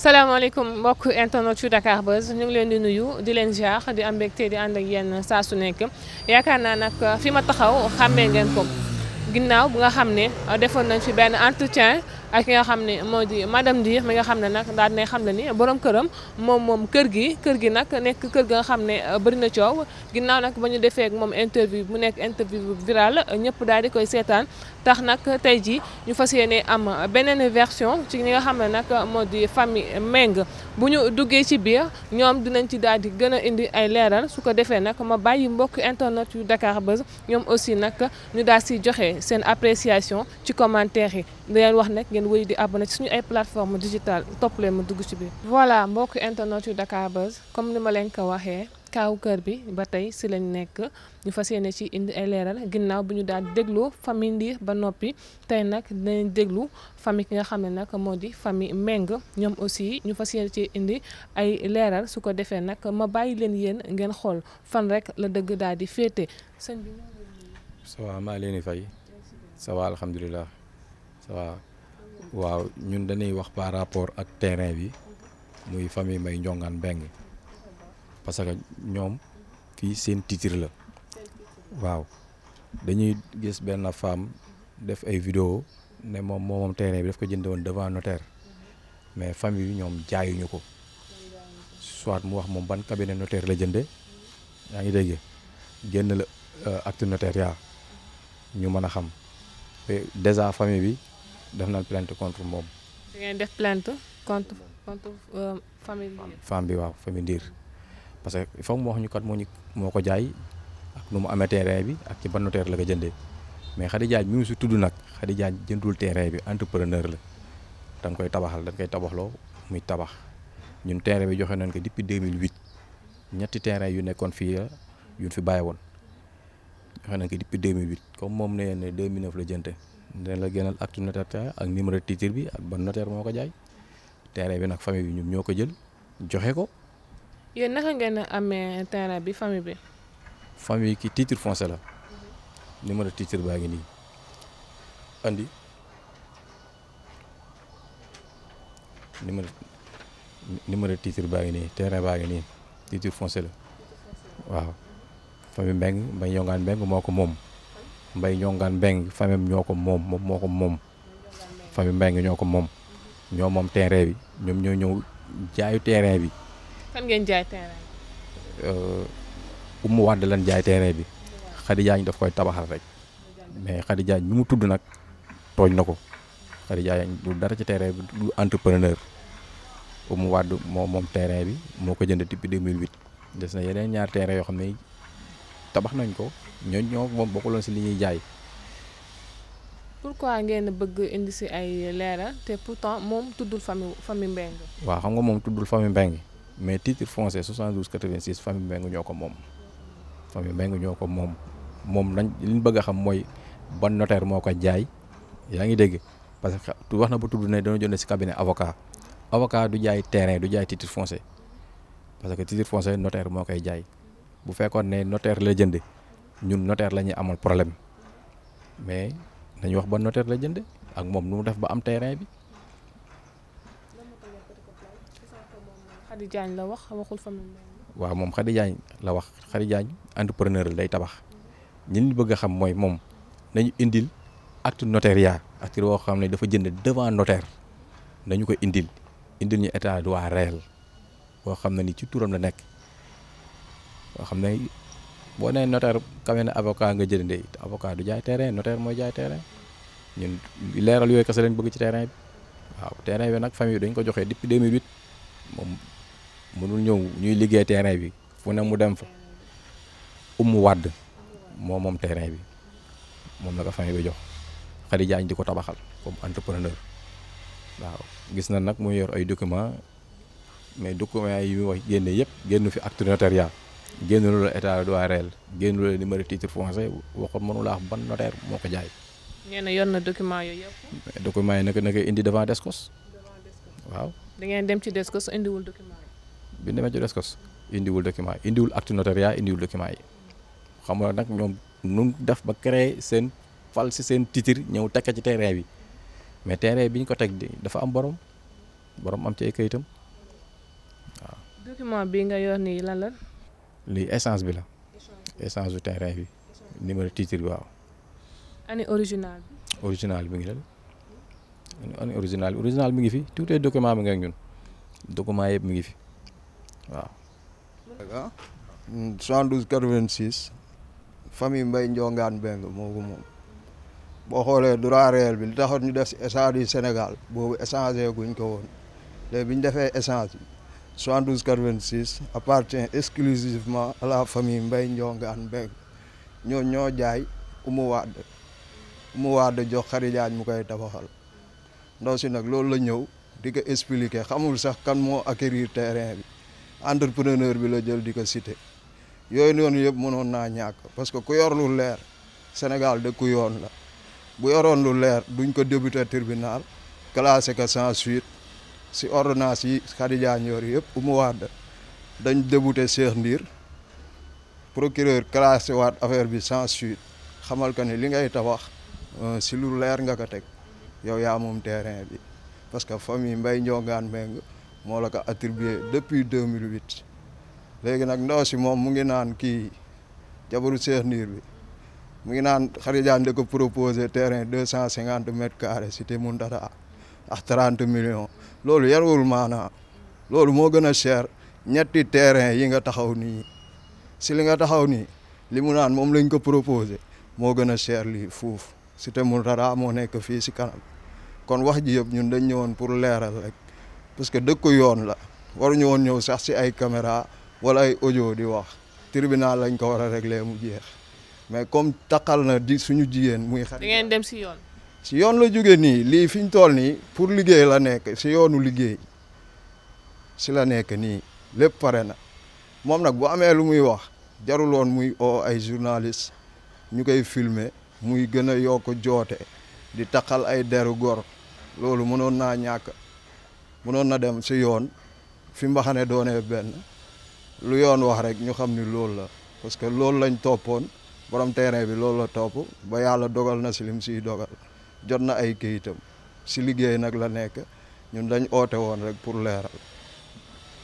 salaamaaleykum mbokk internet yu Dakar Buzz ñu leen di nuyu di leen ziar di am mbégte di ànd ak yéen saa su nekk yaakaar naa nag fi ma taxaw xàmmee ngeen ko ginnaaw bu nga xam ne defoon nañ fi benn entretien. ak ki nga xam ne moo di madame Diir mi nga xam ne nag daal ne xam ne ni boroom këram moom moom kër gi kër gi nag nekk kër ga nga xam ne uh, bëri na coow ginnaaw nag ba ñu defee ak moom interview mu nekk interview viral ñëpp daal di koy seetaan tax nag tey ji ñu fas yéene am beneen version ci ñi nga xam ne nag moo di famille Meng bu ñu duggee ci biir ñoom dinañ ci daal di gën a indi ay leeral su ko defee nag ma bàyyi mbokk internet yu Dakar Buzz ñoom aussi nag ñu daal si joxee seen appréciation ci commentaire yi di wax nag ngeen wéy di abonné ci suñu ay plateforme digitale topp leen ma dugg ci bi voilà mbokk internet yu Dakar Buzz comme ni ma leen ko waxee kaaw kër bi ba tey si lañ nekk ñu fas yéene ci indi ay leeral ginnaaw bi ñu daal déglu famille Ndir ba noppi tey nag dinañ déglu famille ki nga xam ne nag moo di famille Meng ñoom aussi ñu fas yéene ci indi ay leeral su ko defee nag ma bàyyi leen yéen ngeen xool fan rek la dëgg daal di féete sëñ bi. maa leen fay. ça va alhamdulilah waaw ñun dañuy wax par rapport ak terrain bi muy famille may Ndiongane Mbengue parce que ñoom fii seen titre la waaw dañuy gis benn femme def ay vidéo ne moom moomam terrain bi daf ko jënd woon devant notaire mais famille bi ñoom jaayuñu ko soit mu wax moom ban cabinet notaire la jënde yaa ngi dégg génn la euh, acte notariat ñu mën a xam déjà famille bi def nañ plainte contre moom. da def plainte contre contre euh, famille. bi waaw famille parce que il faut mu wax ñu kat moo ñu moo ko jaay ak nu mu amee terrain bi ak ci ban notaire la ko jëndee mais Khady Diagne mi ngi si tudd nag Khady Diagne jëndul terrain bi entrepreneur la dañ koy tabaxal dañ koy tabaxloo muy tabax ñun terrain bi joxe nañ ko mille 2008 ñetti terrain yu nekkoon fii yu fi bàyyi woon joxe nañ ko depuis 2008 comme moom nee na 2009 la jënte dina la gënal acte notariat ak numéro titre bi ak ban notaire moo ko jaay terrain bi nag famille bi ñoom ñoo ko jël joxe ko. yéen nag ngeen a amee terrain bi famille bi. famille ki titre foncier la numéro titre baa ngi nii andi numéro numéro titre baa ngi nii terrain baa ngi nii titre foncier la waaw famille Mbengue Mbaye Yongaan Mbengue moo ko moom. Mbaye Ñongaan Mbeng famille ñoo ko moom moom moo ko moom famille Mbeng ñoo ko moom ñoo moom terrain bi ñoom ñoo ñëw jaayu terrain bi. kan ngeen jaay terrain euh, Umu Wàdd lan jaay terrain bi Xadi Jaañ daf koy tabaxal rek mais Xadi Jaañ bi mu tudd nag tooñ na ko Xadi Jaañ du dara ci terrain bi du entrepreneur Umu Wàdd moom moom terrain bi moo ko jënd depuis 2008 des na yeneen ñaar terrain yoo xam ne tabax nañ ko. ñoo ñoo moom bokkuloon si li ñuy jaay. pourquoi ngeen bëgg indi si ay leeral te pourtant moom tuddul famille famille Mbengue. waaw xam nga moom tuddul famille Mbengue mais titre foncier 72 86 famille Mbengue ñoo ko moom famille Mbengue ñoo ko moom moom lañ li bëgg xam mooy ban notaire moo ko jaay yaa ngi dégg parce que wax na ba tudd ne dana jënd si cabinet avocat avocat du jaay terrain du jaay titre foncier parce que titre foncier notaire moo koy jaay bu fekkoon ne notaire la jënd. ñun notaire la ñuy amal problème mais nañu wax ba notaire la jënd ak moom nu mu def ba am terrain bi. Khady Diagne la wax waxul famille waaw moom Khady la wax Khady entrepreneur la day tabax ñi ñu bëgg a xam mooy moom nañu indil acte notariat acte boo xam ne dafa jënd devant notaire nañu ko indil indil ñu état de droit réel boo xam ne ni ci turam la nekk boo xam ne. boo nee notaire kawe ne avocat nga jëndee te avocat du jaay terrain notaire mooy jaay terrain ñun leeral yooyu kese lañ bëgg ci terrain bi waaw terrain bi nag famille dañ ko joxee depuis 2008 moom mënul ñëw ñuy liggéey terrain bi fu ne mu dem fa umu wàdd moo moom terrain bi moom la ko famille bi jox xarit Diagne di ko tabaxal comme entrepreneur waaw gis na nag mu yor ay documents mais documents yi wax génne yëpp génn fi acte notarial génnuloo la état douarel génnuloo la numéro titre foncier waxoon mënu laa wax ban notaire moo ko jaay. nee na yor waaw. da ngeen dem ci Descos indiwul document yi. bi demee ci Descos indiwul document indiwul acte notariat indiwul xam nga nag ñoom nu def ba créer seen fal si seen titre ñëw tekk ci terrain bi mais terrain bi ñu ko teg dafa am borom boroom am ci ay kayitam waaw. lii essence bi la. essence du terrain bi. numéro titre bi waaw. année originale bi. original bi ngi la année original original mi ngi fi tous les documents mi ngi ñun documents yëpp mi ngi fi waaw. 72 86 famille Mbaye Ndiongaan Beng moom boo xoolee droit réel bi li taxoon ñu def si essence du Sénégal boobu échangé guñ ko woon léegi ñu defee échange bi 72 86 appartient exclusivement à la famille Mbaye Ndiongaan Mbengue ñoo ñoo jaay umu waad umu waad jox Khary mu koy tabaxal ndaw si nag loolu la ñëw di ko expliquer xamul sax kan moo acquérir terrain bi entrepreneur bi la jël di ko cité yooyu noonu yëpp mënoon naa ñàkk parce que ku yor lu leer Sénégal dëkku yoon la bu yoroon lu leer duñ ko débuté tribunal classé ko sans suite si ordonnance yi Khadija Ndior yëpp Oumou Wade dañ débouté Cheikh Ndir procureur classé waat affaire bi sans suite xamal ko ni li ngay tabax euh, si lu leer nga ko teg yow yaa moom terrain bi parce que famille mbay Ndiongaan Mbengue moo la ko attribué depuis mille 2008 léegi nag ndaw si moom mu ngi naan kii jabaru Cheikh Ndir bi mu ngi naan Khadija di ko proposé terrain deux cent cinquante mètres carrés cité Moundara ak trente million loolu yarul maanaa loolu moo gën a cher ñetti terrain yi nga taxaw nii si li nga taxaw nii li mu naan moom lañ ko proposé moo gën a cher lii fuuf si te mu dara moo nekk fii si kanam kon wax ji yëpp ñun dañ ñëwoon pour leeral rek parce que dëkku yoon la waruñu woon ñëw sax si ay caméra wala ay audio di wax tirbinal lañ ko war a régler mu jeex mais comme taqal na di suñu jigéen muy. xarit si yoon la jóge nii lii fi ñu toll nii pour liggéey la nekk si yoonu liggéey si la nekk nii lépp pare na moom nag bu amee lu muy wax jaruloon muy oo ay journaliste ñu koy filme muy gën a yokk joote di taqal ay deru gor loolu mënoon naa ñàkk mënoon na dem si yoon fi mbaxane doonee benn lu yoon wax rek ñu xam ni loolu la parce que loolu lañ toppoon borom terrain bi loolu la topp ba yàlla dogal na si lim siy dogal jot na ay këyitam si liggéey nag la nekk ñun dañ oote woon rek pour leeral.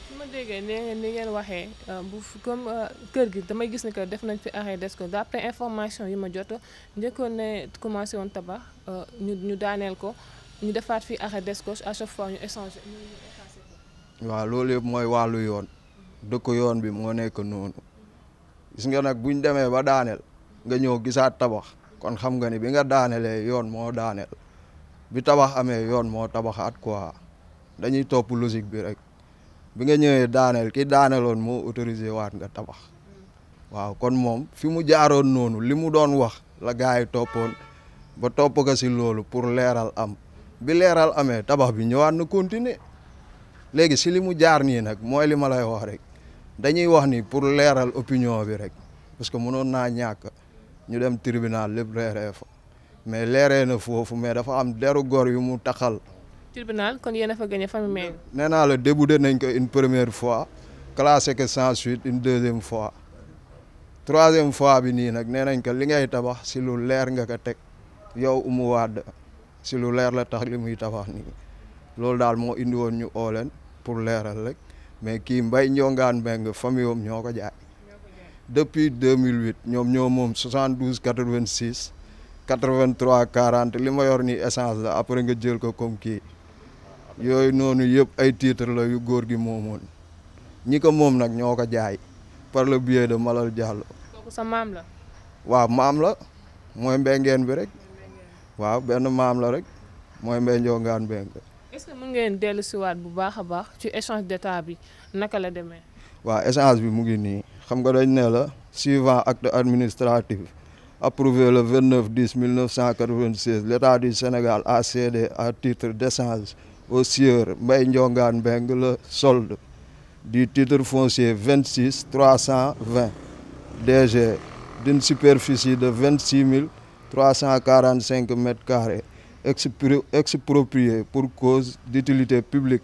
su ma déggee ni ngeen waxee euh, bu comme euh, kër gi damay gis ne que def nañ fi arrêt des ko d'après information yi ma jot njëkkoon ne commencé woon tabax euh, ñu ñu daaneel ko ñu defaat fi arrêt des ko à chaque fois ñu échanger. waaw loolu yëpp mooy wàllu yoon dëkk yoon bi moo nekk noonu gis nga nag buñ demee ba daaneel nga ñëw gisaat tabax. kon xam nga ni bi nga daanelee yoon moo daaneel bi tabax amee yoon moo tabaxaat quoi dañuy topp logique bi rek bi nga ñëwee daaneel ki daaneeloon moo autorisé waat nga tabax waaw kon moom fi mu jaaroon noonu li mu doon wax la gars yi toppoon ba topp ka si loolu pour leeral am bi leeral amee tabax bi ñëwaat na continuer léegi si li mu jaar nii nag mooy li ma lay wax rek dañuy wax nii pour leeral opinion bi rek parce que mënoon naa ñàkk. ñu dem tribunal lépp leeree fa mais leeree na foofu mais dafa am deru góor yu mu taxal. tribunal kon yéen a fa gagné famille Mbengue. nee naa la débouté nañ ko une première fois classé que sans suite une deuxième fois troisième fois bi nii nag nee nañ ko li ngay tabax si lu leer nga ko teg yow umu waad si lu leer la tax li muy tabax nii loolu daal moo indi woon ñu oo leen pour leeral rek mais kii Mbaye Ndionguane Mbengue nga am ñoo ko jaay. depuis 2008 ñoom ñoo moom 72 86 83 40 li ma yor ni essange la après nga jël ko comme kii yooyu noonu yëpp ay titre la yu góor gi moomoon ñi ko moom nag ñoo ko jaay par le biais de Malal Diallo. kooku la. waaw maam la mooy mbéngeen bi rek waaw benn maam la rek mooy mbénjoo ngaan mbéng. est ngeen dellu siwaat bu baax a baax ci échange d'état bi naka la demee. waaw échange bi mu ngi nii. xam nga dañ ne la suivant acte administratif approuvé le 29 10 1996 l'État du Sénégal a cédé à titre d'échange au sieur Mbaye Ndiongane Mbengue le solde du titre foncier 26 320 DG d'une superficie de 26 345 mètres carrés exproprié pour cause d'utilité publique.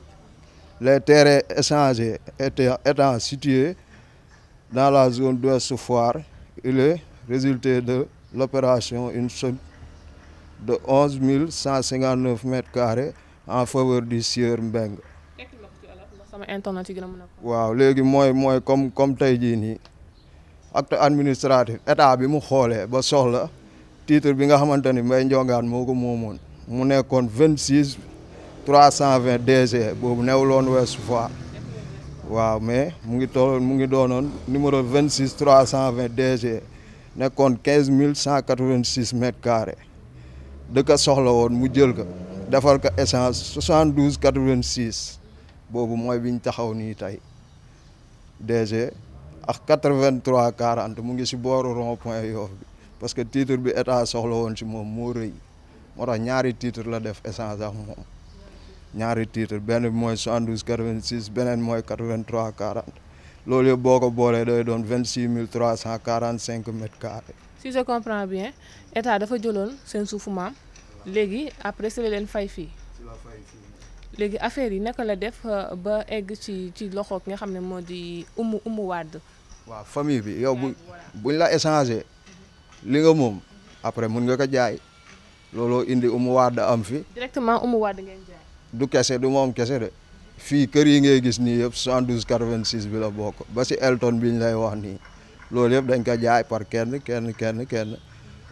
Les terrains échangés étant, étant situés dans la zone d'Ouest Foire, il est résulté de l'opération une somme de 11 159 mètres carrés en faveur du sieur Mbengue waaw léegi mooy mooy comme comme tey jii nii acte administratif état bi mu xoolee ba soxla titre bi nga xamante ni Mbaye Ndiongaan moo ko moomoon mu nekkoon vingt six trois cent vingt DG boobu newuloon Ouest Foire waaw mais mu ngi toll mu ngi doonoon numéro 26 320 DG nekkoon 15 186 mètres carrés dëkk soxla woon mu jël ko defar ko essence 72 86 boobu mooy biñ ñu taxaw nii tey DG ak 83 40 mu ngi si booru rond point Yoff bi parce que titre bi état soxla woon si moom moo rëy moo tax ñaari titre la def essence ak moom. ñaari titre benn bi mooy 72 86 beneen mooy 83 40 loolu yëpp boo ko boolee day doon vingt 26 345 mètres carrés. si je comprends bien état dafa jëloon seen suufu maam léegi après si la leen fay fii. léegi affaire yi naka la def euh, ba egg ci ci loxo ki nga xam ne moo di umu umu wàdd. waaw famille bi yow bu buñ la échangé li nga moom après mun nga ko jaay looloo indi umu wàdd am fi. directement umu wàdd du kese du moom kese de fii kër yi ngay gis nii yëpp 112 86 bi la bokk ba si Elton bi ñu lay wax nii loolu yëpp dañ ko jaay par kenn kenn kenn kenn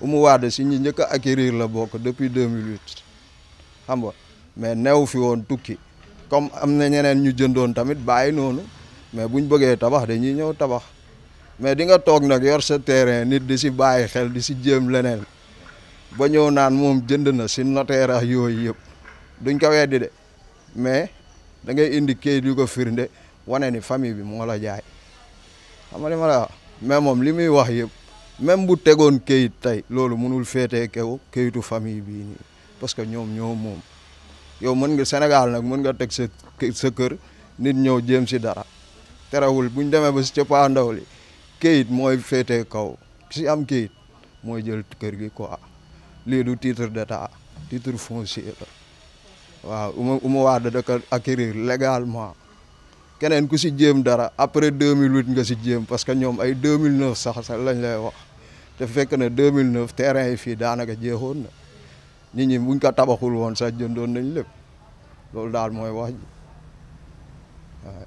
Oumou Wade si ñi njëkk a acquérir la bokk depuis 2008 xam nga mais new fi woon tukki comme am na ñeneen ñu jëndoon tamit bàyyi noonu mais buñ bëggee tabax dañuy ñëw tabax mais di nga toog nag yor sa terrain nit di si bàyyi xel di si jéem leneen ba ñëw naan moom jënd na si notaire ak yooyu yëpp. duñ ko weddi de mais da ngay indi kayit yu ko firnde wane ni famille bi moo la jaay xam nga li ma mais moom li muy wax yëpp même bu tegoon kayit tey loolu mënul féetee kaw kayitu famille bi nii parce que ñoom ñoo moom yow mën nga Sénégal nag mën nga teg sa sa kër nit ñëw jéem si dara terewul bu ñu demee ba si cëppaa ndaw li kayit mooy féetee kaw si am kayit mooy jël kër gi quoi lii du titre d'état titre foncier la waaw uma waa da ko acquérir légalement keneen ku si jéem dara après deux 2008 nga si jéem parce que ñoom ay 2009 sax sax lañ lay wax te fekk ne 2009 terrain yi fii daanaka jeexoon na nit ñi muñ ko tabaxul woon sax jëndoon nañ lépp loolu daal mooy wax ji.